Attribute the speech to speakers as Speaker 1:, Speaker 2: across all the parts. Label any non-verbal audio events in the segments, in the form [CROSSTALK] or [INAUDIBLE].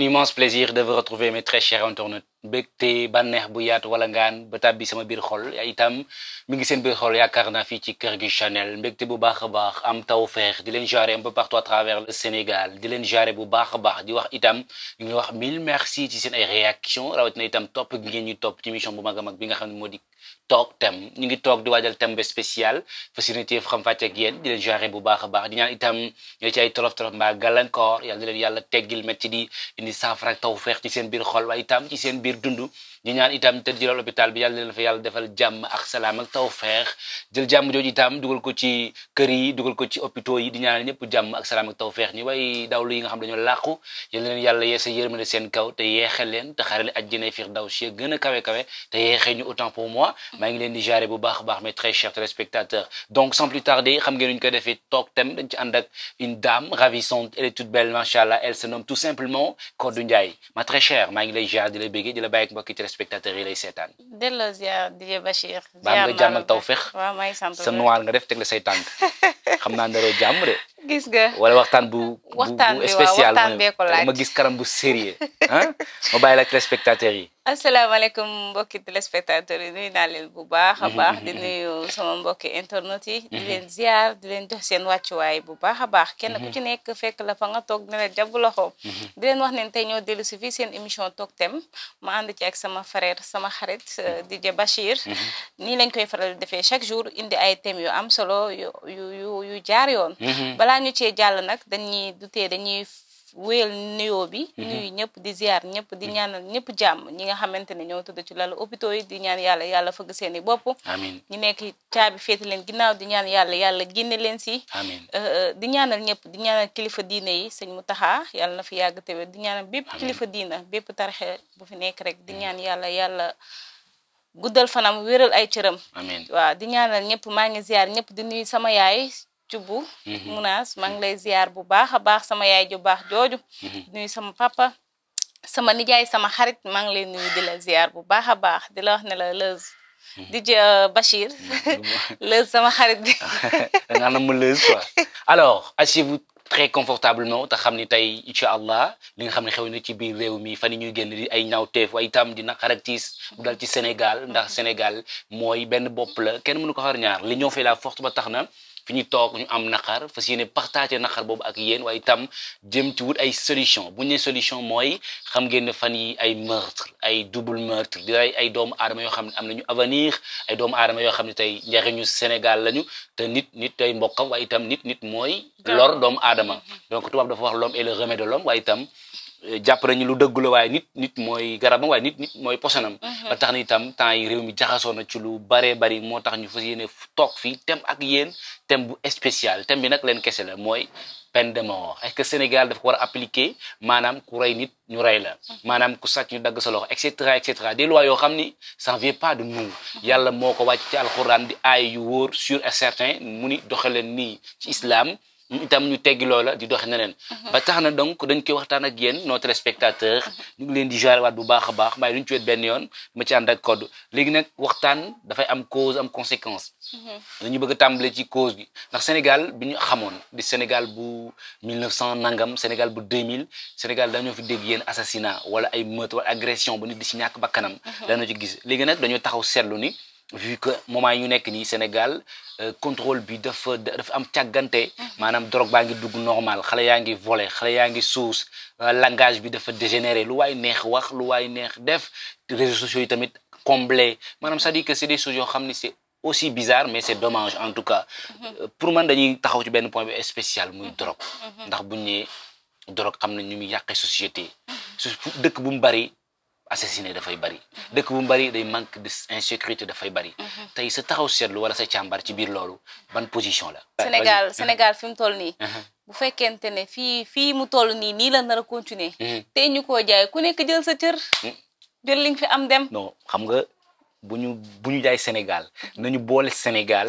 Speaker 1: immense plaisir de vous retrouver, mes très chers internautes. mbégte bànneex bu yaatu wala ngaan ba tàbbi sama biir xol itam mi ngi seen biir xol yaakaar naa fii ci kër gi Channel mbégte bu baax a baax am tawfeex di leen jaare un peu partout à travers le Sénégal di leen jaare bu baax a baax di wax itam ñu ngi wax mille merci ci seen ay réaction rawatina itam topp gi ngeen ñu topp ci émission bu mag a mag bi nga xam ne moo di toog thème ñu ngi toog di waajal thème ba spécial facilité xam fàcce ak yéen di leen jaare bu baax a baax di ñaan itam ñoo ci ay tolof tolof mbaa gàllankoor yàlla di di indi saafara ak tawfeex ci dund di ñaan itam tëdd ji lool hôpital bi yàlla leen fa yàlla defal jàmm ak salaam ak tawfeex jël jàmm jooju itam dugal ko ci kër yi dugal ko ci hôpitaux yi di ñaan ñëpp jàmm ak salaam ak tawfeex ñi way dawlu yi nga xam dañu làqu yal leen yàlla yeesa yërmande seen kaw te yeexe leen te xarale àjjana firdawsi ya gën a kawe-kawe te yeexe ñu autant pour moi maa ngi leen di jaare bu baax baax mes très chers téléspectateurs donc sans plus tarder xam ngeen ñu ko defee toog thème dañ ci ànd ak une dame ravissante elle est toute belle machallah elle se nomme tout simplement Codou Ndiaye ma très cher maa ngi lay jaar di la bégee di la bàyyi ak mbokki téléspectateurs yi lay seetaan.
Speaker 2: delloo a DJ Bachir. ziar naa la ba am nga jàmm ak tawféex. waaw maa ngi sant sa noir nga
Speaker 1: def la say tànk [LAUGHS] xam naa gis nga wala waxtaan bu. waxtaan bi spécial ma gis kanam bu sérieux ah ma bàyyi la téléspectateur yi.
Speaker 2: asalaamaaleykum mbokki téléspectateur yi nuyu naa leen bu baax a mhm, baax di mhm, mhm. nuyu sama mbokki internet yi. di leen ziar di leen jox seen wàccuwaay bu baax a baax. kenn ku ci nekk fekk la fa nga toog ne la jàpp loxo. di leen wax ne tey ñoo dellu si seen émission toog thème ma ànd ci ak sama frère sama xarit euh, DJ Bachir. nii lañ koy faral di defee chaque jour indi ay thèmes yu am solo yu yu yu jaar yoon. balaa balaa ñu cee jàll nag dañuy du tee dañuy wéyal nuyoo bi mhm. nuyu ñëpp di ziar ñëpp di mhm. ñaanal ñëpp jàmm ñi nga xamante ne ñoo tëdd ci lalu hôpitaux yi di ñaan yàlla yàlla fëgg seen i bopp amiin ñi nekk caabi féete leen ginnaaw di ñaan yàlla yàlla génne leen si euh, euh, di ñaanal ñëpp di ñaanal kilifa diine yi sëñ Mountakha yàlla na fi yàgg te di ñaanal bépp kilifa diina bépp tarixe bu fi nekk rek di mhm. ñaan yàlla yàlla guddal fanam wéral ay cëram ñaanal ñëpp maa ngi ziar ñëpp di nuyu sama yaay jubbu mhm. munas mang mhm. lay ziar bu baakha baax sama yaay ju baax joju mhm. nuy sama papa sama nijaay sama xarit mang lay nuy dila ziar bu baakha baax dila wax ne la leuz dj eh, bashir [LAUGHS] leuz sama xarit bi
Speaker 1: dangaa na ma lëz quoi alors asseyez-vous très confortablement ta xamni tay inshallah allah li nga xamni ne ci biir rew mi fani ñuy genn di ay ñaawteef di itam dina xaraktis bu dal ci Sénégal ndax Sénégal moy benn bop la kenn mënu ko xar ñaar li ñoo fi la forte ba taxna fi ñu toog ñu am naqar fas yéene partagé naqar boobu ak yéen waaye itam jëm ci wut ay solution bu ñu nee solution mooy xam ngeen ne fan yi ay meurtre ay double meurtre di ay ay doomu aadama yoo xam ne am nañu avenir ay doomu aadama yoo xam ne tey njariñu Sénégal lañu te nit nit tey mbokkam waaye itam nit nit mooy lor doomu aadama mm-hmm. donc tubaab dafa wax l'homme est le remède de l'homme waaye itam jàpp nañu lu dëgg la waaye nit nit mooy garabam waaye nit nit mooy posanam. Mhm. ba tax na itam temps i réew mi jaxasoo na ci lu baree bari moo tax ñu fas yéene toog fii thème ak yéen thème bu spécial thème bi nag leen kese la mooy peine de mort est-ce Sénégal dafa ko war a appliquer maanaam ku rey nit ñu rey la. Mhm. maanaam ku sàcc ñu dagg sa loxo et cetera et cetera yoo xam ni ça vient pas de nous. Mhm. yàlla moo ko wàcc ci alxuraan di aay yu wóor sûr et mu ni doxeleen nii ci islam. itam ñu teggi loola di doxe neneen mhm. ba tax na donc dañ koy waxtaan ak yéen nos téléspectateurs mhm. ñu ngi leen di joare waat bu baax a baax waaye duñ ci wet benn yoon ma ci ànd ak code léegi nag waxtaan dafay am cause am conséquence mhm. dañu bëgg a tàmbale ci cause bi ndax Sénégal bi ñu xamoon di Sénégal bu 1900 nangam Sénégal bu mille Sénégal dañoo fi dégg yéen assassinat wala ay meurtre wala agression ba nit di si ñàkk bakkanam dañoo ci gis léegi nag dañoo taxaw seetlu ni vu que moment ñu nek ni Sénégal euh, contrôle bi dafa dafa am tiaganté mm-hmm. manam drogue ba ngi dugg normal xalé ya ngi volé xalé ya ngi sous euh, langage bi dafa dégénéré lu way neex wax lu way neex def réseaux sociaux yi tamit comblé manam ça dit que c'est des choses yo xamni c'est aussi bizarre mais c'est dommage en tout cas mm-hmm. euh, pour man dañuy taxaw ci benn point bi spécial muy mm-hmm. drogue ndax buñ ne drogue xamna ñu mi yàqee société dëkk bu mu bari assassiné fay bari dëkk bu bari day manque de insécurité fay bari. Mhm. tay sa taxaw setlu wala sa càmbar ci biir lolu ban position la. Sénégal Sénégal
Speaker 2: fim toll ni bu fekente ne fi fi mu toll ni mhm. mhm. ni la nar continuer. tey ñu koo jaay ku nekk jël sa cër. jël li fi am dem.
Speaker 1: non xam nga buñu buñu bu jaay Sénégal nañu boole Sénégal.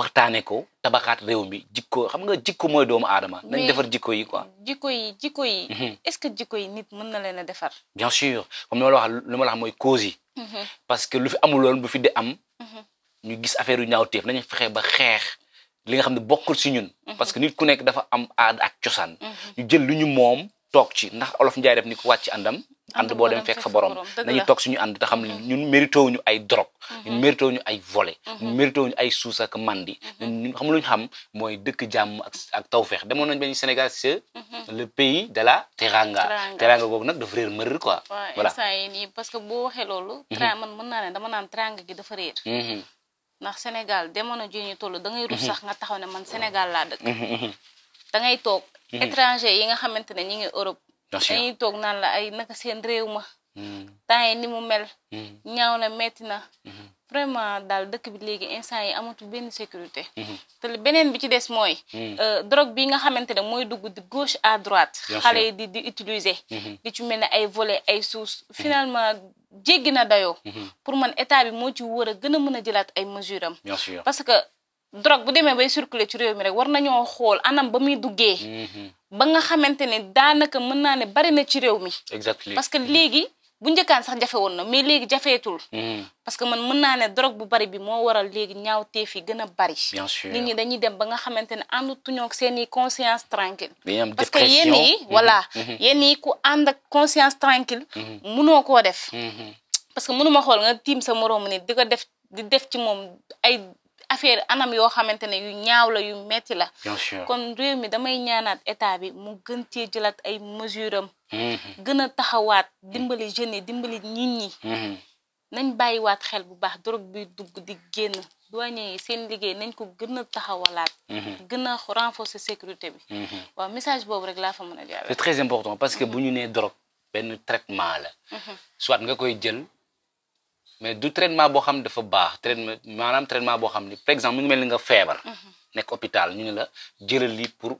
Speaker 1: waxtaane ko tabaxaat réew mi jikko xam nga jikko mooy doomu aadama nañ defar jikko yi
Speaker 2: quoi jikko yi mhm. est-ce que jikko yi nit mën na leen a defar
Speaker 1: bien sûr comme ma la wax li ma la wax mooy cause yi mhm. parce que lu fi amul woon bu fi di am mhm. ñu gis affaire ñaaw téef nañu fexe ba xeex li nga xam ne bokkul si ñun parce que nit ku nekk dafa am aada ak cosaan ñu jël lu ñu moom toog ci ndax olof njaay def ni ko wàcc àndam ànd boo dem fekk fa borom nañu toog suñu ànd te xam ne mhm. ñun mérité ay drogue mhm. ñun mérité wuñu ay volé ñun mhm. mérité mandi xam luñu xam mooy dëkk jàmm ak taw tawfeex demoon nañ bañ Sénégal c'est le pays de la teranga teranga googu nag dafa réer mër quoi voilà instant
Speaker 2: yi nii parce que boo waxee loolu tra man mën naa ne dama naan teranga gi dafa réer ndax Sénégal demoon na ji ñu toll da ngay rus sax nga taxaw ne man Sénégal laa dëkk da ngay toog. Mm-hmm. étranger yi nga xamante ne ñi ngi Europe. dañuy toog naan la ay naka seen réew ma. Mm-hmm. temps ni mu mel. Mm-hmm. ñaaw na metti na. vraiment daal dëkk bi léegi instant yi amatul benn sécurité. te beneen bi ci des mooy. Euh, drogue bi nga xamante ne mooy dugg di gauche à droite. xale yi di di utiliser. di ci mel ni ay volet ay suus. finalement jéggi na dayoo. pour man état bi moo ci war a gën a mën a jëlaat ay mesures am. parce que drogue bu démé bay circuler ci réew mi rek war nañu xol anam ba muy hmm ba nga xamante ne daanaka mën naa ne bari na ci réew mi.
Speaker 1: exactly parce que
Speaker 2: mhm. légui bu njëkkaan sax jafé won na mais léegi hmm parce que man mën ne drogue bu bari bi mo waral légui ñaaw téfi gën bari. bien sûr nit ñi dañuy dem ba nga xamante andu tuñu ak seeni conscience tranquille.
Speaker 1: parce que yéen yi voilà. Mhm. Mhm. yéen
Speaker 2: ku and ak conscience tranquille. mëno ko def. parce que mënuma xol nga tim sa morom ni diko def di def ci mom ay. affaire anam yoo xamante ne yu ñaaw la yu metti la. bien kon réew mi damay ñaanaat état bi mu gën cee jëlaat ay mesures am. Mm-hmm. gën a taxawaat dimbali jeunes yi dimbali nit ñi. Mm-hmm. nañ bàyyiwaat xel bu baax drogue bi dugg di génn. douaniers yi seen liggéey nañ ko gën a taxawalaat. Mm-hmm. gën a renforcer sécurité bi. waaw message boobu rek laa fa mën a jaarale. c'est
Speaker 1: très important parce que bu ñu nee drogue benn traitement la. soit nga koy jël. mais du traitement boo xam dafa baax traitement maanaam traitement boo xam ni par exemple mu ngi mel ni nga feebar. Mm-hmm. nekk hôpital ñu ne la jëlal lii pour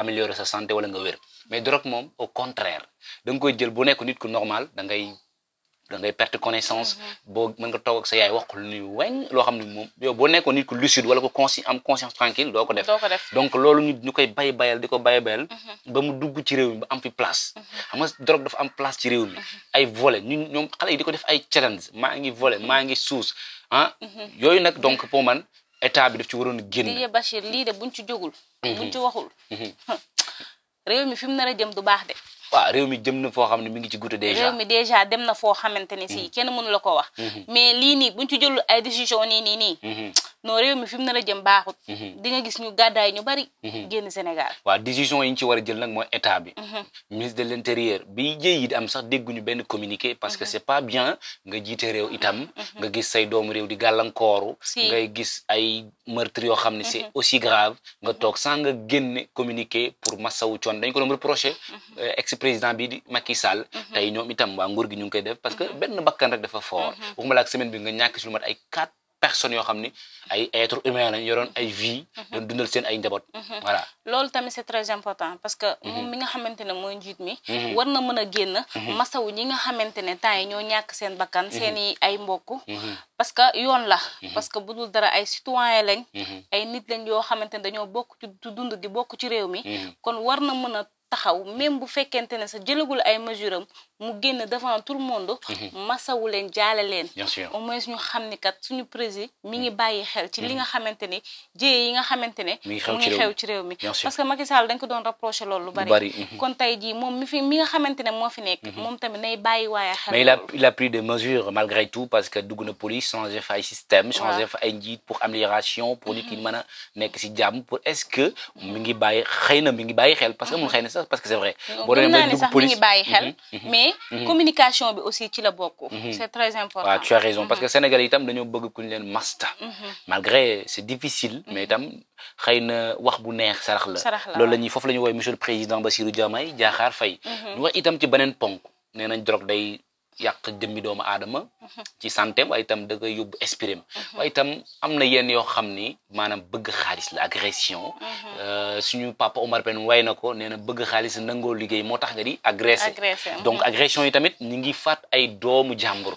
Speaker 1: améliorer sa santé wala nga wér mais drogue moom au contraire da nga koy jël bu nekk nit ku normal da ngay da ngay perte connaissance mhm. boo mën nga toog ak sa yaay wax lu ñuy loo xam ne moom yow boo nekkoon nit ku lucide wala ko consci am conscience tranquille doo ko def donc loolu ñu ñu koy bay bayal di ko bay bayal mhm. ba mu dugg ci réew mi ba am fi place mhm. xam nga dafa am place ci réew mi ay volet ñu ñoom xale yi di ko def ay challenge maa ngi volet maa ngi suus ah. yooyu nag donc pour man état bi daf ci waroon génn Didier
Speaker 2: Bachir lii de buñ ci jógul buñ ci waxul réew mi fi mu nar a jëm du baax de
Speaker 1: waaw réew mi jëm na foo xam ne mi ngi ci guddi déjà réew mi
Speaker 2: déjà dem na foo xamante ne si mhm. kenn mënu la ko wax mhm. mais lii nii buñ ci jëlul ay décision ni nii nii mhm. non rew mi fim na la a jëm baaxut mhm. di nga gis ñu gaday ñu bari mhm. genn senegal
Speaker 1: wa decision yi ci wara a jël nak mooy état bi mhm. ministre de l'intérieur bi jéey am sax ñu ben communiqué parce que c'est pas bien nga jité rew itam nga gis say doom rew di galankoru ngay gis ay meurtre yo xamni c'est aussi grave nga tok sang nga genn communiqué pour massawu coon dañ ko doon reproché euh, ex président bi di Macky Sall tay ñom itam wa nguur gi ñu ngi koy def parce que ben bakkan rek dafa fort waxuma la semaine bi nga ñak ci lu mat ay 4 personnes yoo xam ni ay être humain lañ yoroon ay vie mhm. doon dundal seen ay njaboot
Speaker 2: mhm. voilà loolu tamit c'est très important parce que moom mhm. mi nga xamante ne mooy njiit mi war na mën a génn masawu ñi nga xamante ne temps yi ñoo ñàkk seen bakkan seen ay mbokk parce que yoon la parce que bu dul dara ay citoyen lañ ay nit lañ yoo xamante ne dañoo bokk ci dund gi bokk ci réew mi kon war na mën a taxaw même bu fekkente ne sa jëlagul ay mesure am mu génn devant tout le monde mhm. masawu leen jaale leen au moins ñu xam ni kat suñu président mi ngi mhm. bàyyi xel ci li nga mhm. xamante ni jéye yi nga xamante ne mu ngi xew ci réew mi parce que Macky Sall dañ ko doon rapproché loolu lu bari kon tey jii moom mi fi mi nga xamante ne moo fi nekk moom tamit nay bàyyi waaye xel mais il a
Speaker 1: il a pris des mesures malgré tout parce que dugg na police changé fa ay système changé fa ay njiit pour amélioration pour nit yi mën a nekk si jàmm pour est-ce que mi ngi bàyyi xëy na mi ngi bàyyi xel parce que amul xëy na sax parce que c'est vrai. bon demee ba police mhm, mhm, mais mhm, communication
Speaker 2: bi aussi ci la bokk. c'est très important. waaw tu as raison parce que
Speaker 1: Sénégal itam dañoo bëgg ku ñu leen masta. malgré c'est difficile. mais itam xeyna wax bu neex sarax la. lolou lañuy loolu lañuy woy monsieur le président Bassirou Diomaye Diakhar fay ñu wax itam ci benen ponk nee nañ drogue day. yàq jëmmi doomu aadama mhm. ci santé waaye itam da yóbbu espirém mhm. waaye itam am na yenn yoo xam ni maanaam bëgg xaalis la agression mhm. euh, suñu papa Omar Pène way na ko nee na bëgg xaalis nangoo liggéey moo tax nga di agressé donc agression yi tamit ñu ngi faat ay doomu jàmbur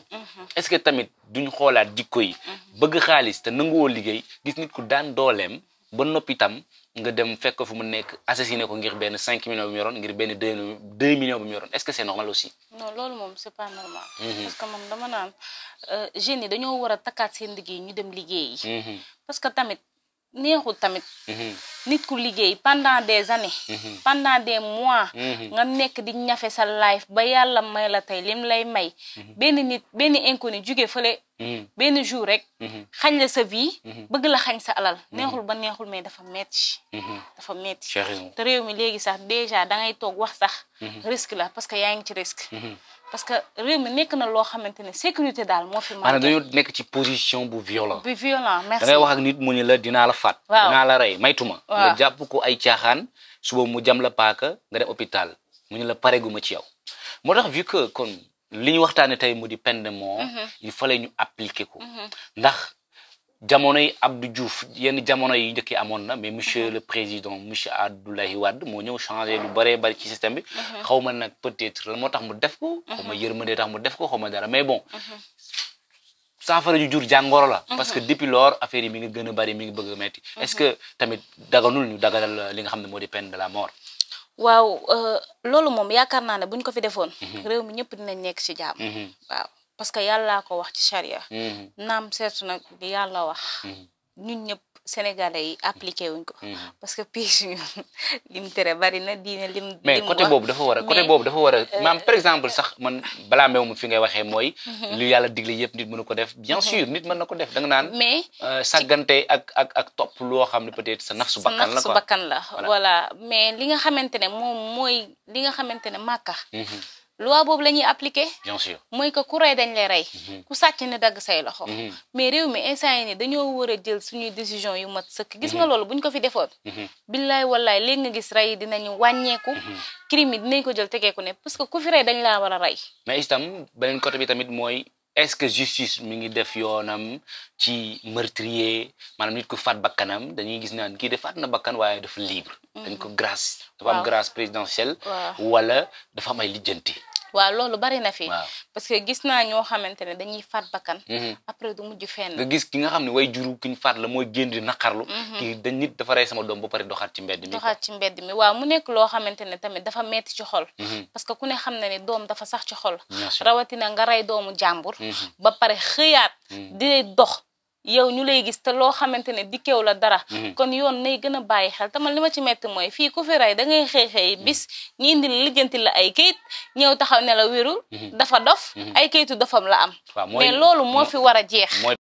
Speaker 1: est-ce que tamit duñ xoolaat jikko yi bëgg xaalis te nanguwoo liggéey gis nit ku daan dooleem ba noppi itam nga dem fekk ko fu mu nekk assassiné ko ngir benn 5 millions bu mu yoroon ngir benn 2 millions bu mu yoroon est-ce que c'est normal aussi.
Speaker 2: non loolu moom c'est pas normal. Mhm. parce que moom dama naan euh, jeunes yi dañoo war a takkaat seen liggéey ñu dem liggéey. Mhm. parce que tamit. neexul tamit. Mhm. nit ku liggéey pendant des années. Mhm. pendant des mois. Mhm. nga nekk di ñafe sa life ba yàlla may la tey lim lay may. benn nit benn inconnu jóge fële. benn jour rek. xañ la sa vie. bëgg la xañ sa alal neexul ba neexul mais dafa metti. dafa metti te réew mi léegi sax déjà da ngay toog wax sax. risque la parce que yaa ngi ci risque. parce que réew mi nekk na loo xamante ne sécurité daal moo fi. maanaam
Speaker 1: dañoo nekk ci position bu violent. bu
Speaker 2: violent merci da ngay wax
Speaker 1: nit mu ni la dinaa la faat. waaw dinaa la rey maytuma. waaw nga jàpp ko ay caaxaan suba mu jam la paaka nga dem hôpital mu ni la pareeguma ci yow. moo tax vu que kon li ñu waxtaanee tey mu di peine de mort. Mhm. il fallait ñu appliquer ko. Mhm. ndax jamonoy Abdou Diouf yenn jamono yu njëkk amoon na mais monsieur le président monsieur Abdoulaye Wade moo ñëw changé lu bëree bëri ci système bi. Mhm. xaw ma nag peut-être lan moo tax mu def ko. Mhm. xaw ma yërmande tax mu def ko xaw ma dara mais bon. Mhm. saafara ju jur jàngoro la. parce que depuis lors affaire yi mi ngi gën a bëri mi ngi bëgg a metti est-ce que tamit daganul ñu daganal li nga xam ne moo di peine de la mort.
Speaker 2: waaw euh, loolu moom yaakaar naa ne buñ ko fi defoon. réew mi ñëpp dinañ nekk ci jàmm. waaw. parce que yàllaa ko wax ci charia mhm. naam seetu nag yàlla wax mhm. ñun ñëpp sénégalais yi appliqué wuñ ko mhm. parce que pays [LAUGHS] lim tere bari na diine lim mais côté boobu dafa war a côté boobu dafa
Speaker 1: war a euh, maam par exemple sax man balaa meew mu fi ngay waxee mooy lu yàlla digle yëpp nit mënu ko def bien sûr nit mën na ko def da nga naan mais euh, sàggante ak ak ak topp loo xam ne peut-être sa naf su bakkan la quoi su bakkan la voilà
Speaker 2: mais li nga xamante ne moom mooy li nga xamante ne màkka loi boobu la ñuy appliquer. bien mooy que ku rey dañ lay rey. Mm-hmm. ku sàcc ne dagg say loxo. Mm-hmm. mais réew mi instant yi dañoo war a jël suñuy décision yu mat sëkk. gis nga mm-hmm. loolu buñ ko fi defoon. billaay wallaay léegi nga gis rey dinañu wàññeeku. crime yi dinañ ko jël tegeeku ne parce que ku fi rey dañ laa war a rey.
Speaker 1: mais itam beneen côté bi tamit mooy. est-ce que justice mi ngi def yoonam ci meurtrier maanaam nit ku faat bakkanam dañuy gis naan kii def faat na bakkan waaye dafa libre dañ ko grâce dafa am grâce présidentielle wala dafa may ay lijjanti
Speaker 2: waaw loolu bari na fi parce que gis naa ñoo xamante ne dañuy faat bakkan mhm. après du mujj fenn nga
Speaker 1: gis ki nga xam ne way juru ki ñu faat la mooy génn di naqarlu mhm. ki dañ nit dafa rey sama doom ba pare doxaat ci mbedd mi doxaat
Speaker 2: ci mbedd mi waaw mu nekk loo xamante ne tamit dafa metti ci xol mhm. parce que ku ne xam ne ne doom dafa sax ci xol rawatina nga rey doomu jàmbur ba pare xëyaat di dox yow ñu lay gis te loo xamante ne di kew la dara mm-hmm. kon yoon nay gën a bàyyi xel te man li ma ci metti mooy fii ku fi da ngay xëy xëy mm-hmm. bis ñi indi la la ay kayit ñëw taxaw ne la wérul mm-hmm. dafa dof ay kayitu dofam la am mais loolu moo fi war a jeex